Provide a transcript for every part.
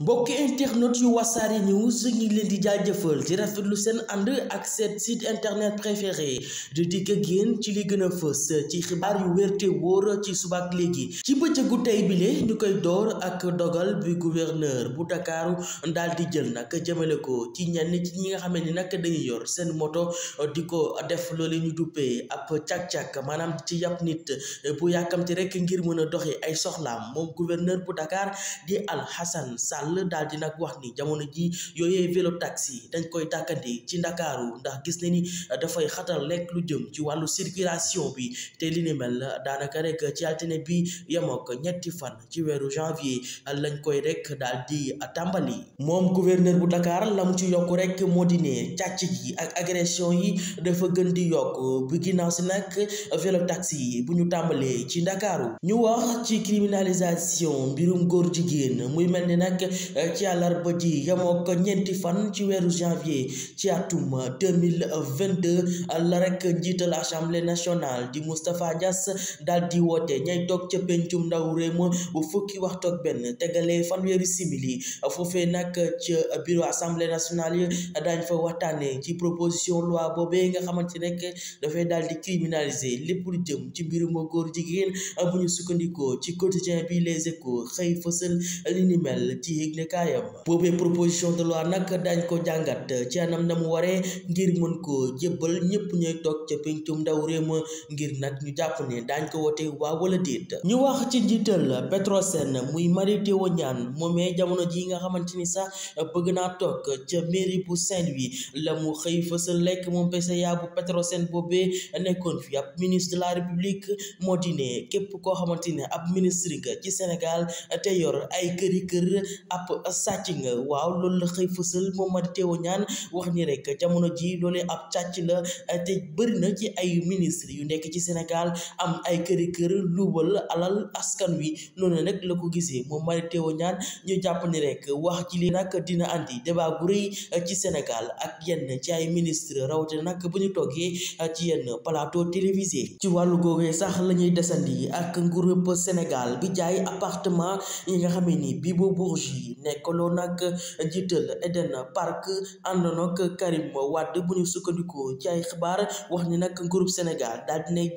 mbokki internet yu wasaare news ñu ngi leen di jaajëfal di lu seen ànd ak seen site internet préféré di di ak yéen ci li gën a fës ci xibaar yu wér te ci suba ak léegi ci bëccëgu tey bi bile ñu koy door ak dogal bi gouverneur bu Ndakaaru daal di jël nag jëmale ko ci ñenn ci ñi nga xam ne nag dañuy yor seen moto di ko def loolu ñu duppee ab càq-càq maanaam ci yàpp nit bu yàkkamti rek ngir mën a doxi ay soxlaam moom gouverneur bu Dakar di Al Sall daal di nag wax ni jamono ji yooyee vélo taxi dañ koy tàkkante ci ndakaaru ndax gis na ni dafay xatal lekk lu jëm ci wàllu circulation bi te li ni mel daanaka rek ci altine bi yemook ñetti fan ci weeru janvier lañ koy rek daal di tàmbali moom gouverneur bu Dakar la mu ci yokk rek moo di ne càcc gi ak agression yi dafa gën di yokk bu ginnaaw si nag vélo taxi yi bu ñu tàmbalee ci ndakaaru ñu wax ci criminalisation mbirum góor jigéen muy mel ni nag Eh, ci àllarba ji yemoo ko ñeenti fan ci weeru janvier ci atum 2022 la rek njiital assemblée nationale di Mustapha dias dal di woote ñay toog ca pencum ndaw réew ma bu fukki waxtu ak benn tegalee fanweeri simili foofee nag ca bureau assemblée nationale daañ fa waxtaane ci proposition loi boobee nga xamante nekk dafay daal di criminaliser lépp lu jëm ci mbirum góor jigéen bu ñu sukkandikoo ci quotidien bi les échos xëy fësal li ni mel ci yëglekaayam boobee proposition de loi nag dañ ko jàngat ci a na mu waree ngir mën ko jébbal ñëpp ñooy toog ca pencum ndaw réew ma ngir nag ñu jàpp ne dañ ko wote waa wala déet ñu wax ci njiital Petrosen muy Mary Teuw Niane moomee jamono ji nga xamante ni sax bëgg naa toog ca mairie bu Saint-Louis la mu xëy fësal lekk moom PCA bu Petrosen boobee nekkoon fi ab ministre la République moo di ne képp koo xamante ne ab ministre nga ci Sénégal te ab sàcc nga waaw loolu la xëy fësal moom Mary Teuw Niane wax ni rek jamono ji loolee ab càcc la te bëri na ci ay ministre yu nekk ci Sénégal am ay këri kër luubal alal askan wi noonu nag la ko gisee moom Mary Teuw ñaan ñu jàpp ni rek wax ci li nag dina andi débat bu rëy ci Sénégal ak yenn ci ay ministre rawatina nag bu ñu toogee ci yenn plateau télévisé ci wàllu googee sax la ñuy desandi ak nguurub Sénégal bi jaay apartement yi nga xamee ni bi boo yi nekkaloon nag njiital Eden Park àndoon ak Karim Wade bu ñu sukkandikoo ci ay xibaar wax ni nag groupe Sénégal daal dinay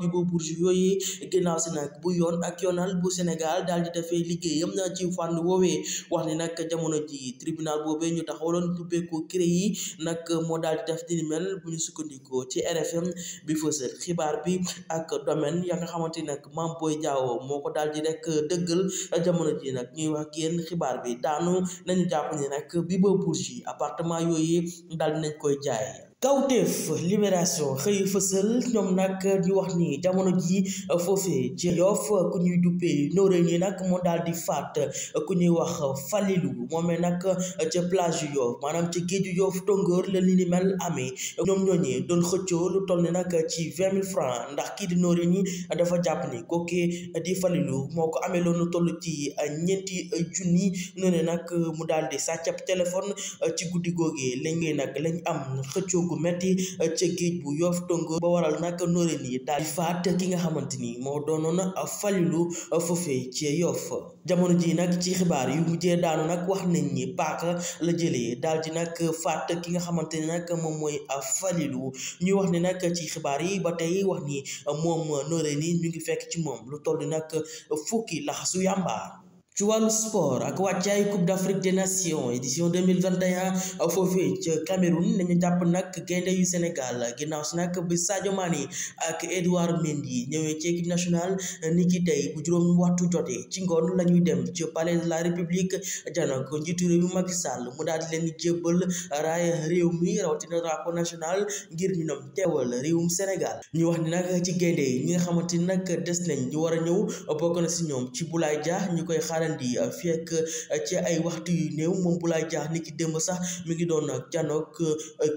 bi boo bourge yooyu ginnaaw bu yoon ak yoonal bu Sénégal daal di defee liggéeyam na ci fànn woowee wax ni nag jamono ji tribunal boobee ñu taxawaloon dubbeekoo cré yi nag moo daal di def dini mel bu ñu sukkandikoo ci RFM bi fësal xibaar bi ak domaine ya nga nag Mame Boye Diao moo ko daal di rek dëggal jamono ji nag ñuy wax yéen xibaar bi daanu nañu jàpp ni nag bi ba bourse yi appartement yooyu daal dinañ koy jaay kawteef libération xëy fësal ñoom nag di wax ni jamono ji foofee ci Yoff ku ñuy duppee Noreyni nag moo daal di faat ku ñuy wax Falilu moomee nag ca plage yu Yoff maanaam ca géeju Yoff tongoor la li ni mel amee ñoom ñooñee doon xëccoo lu toll ni nag ci vingt mille francs ndax kii di Noreyni dafa jàpp ni kookee di Falilu moo ko amee loonu toll ci ñeenti junni noonu nag mu daal di sàccab téléphone ci guddi googee lañ ngay nag lañ am xëccoo bu metti eh, ca géej bu yof tongo ba waral nag noorén yi daal di faat ki nga xamante ni moo doonoon eh, falilu eh, foofee ci yof jamono ji nag ci xibaar yu mujjee daanu nag wax nañ ni paaka la jëlee daal di nag faat ki nga xamante ni nag moom mooy falilu ñuy wax ni nag ci xibaar yi ba tey wax ni moom noorén yi ñu ngi fekk ci moom lu toll nag fukki laxasu yàmbaar ci wàllu sport ak wàccaay Coupe d'Afrique des Nations édition 2021 foofee ca Cameroun nañu jàpp nag gaynde yu Sénégal ginnaaw si nag bi Sadio Mané ak Edouard Mendy ñëwee ci équipe nationale ni ki tey bu juróom waxtu jotee ci ngoon la ñuy dem ci palais la République jana ko njiitu réew mi Macky Sall daal di leen jébbal raay réew mi rawatina drapeau national ngir ñu nom teewal réewum Sénégal ñu wax ni nag ci gaynde yi ñi nga xamante ni nag des nañ ñu war a ñëw bokk na si ñoom ci Boulaye Dia ñu koy xaar Maradi fii ak ci ay waxtu yu néew moom Boulaye Dia ni ki démb sax mi ngi doon euh, janoog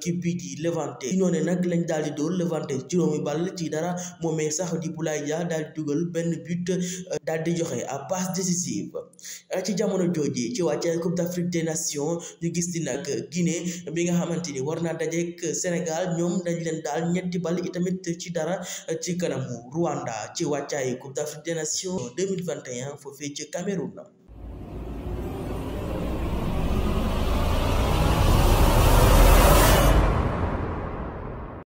kii euh, bii di Levante ñoo ne nag lañ daal di dóor Levante juróomi ball ci dara moomee sax di Boulaye Dia daal di dugal benn but euh, daal di joxe à passe décisive ci jamono jooji ci wàcce Coupe d'Afrique des Nations gis di nag Guinée bi nga xamante ni war naa dajeek Sénégal ñoom dañ leen daal ñetti ball itamit ci dara ci kanamu Rwanda ci wàccaay Coupe d'Afrique des Nations 2021 foofee ci Cameroun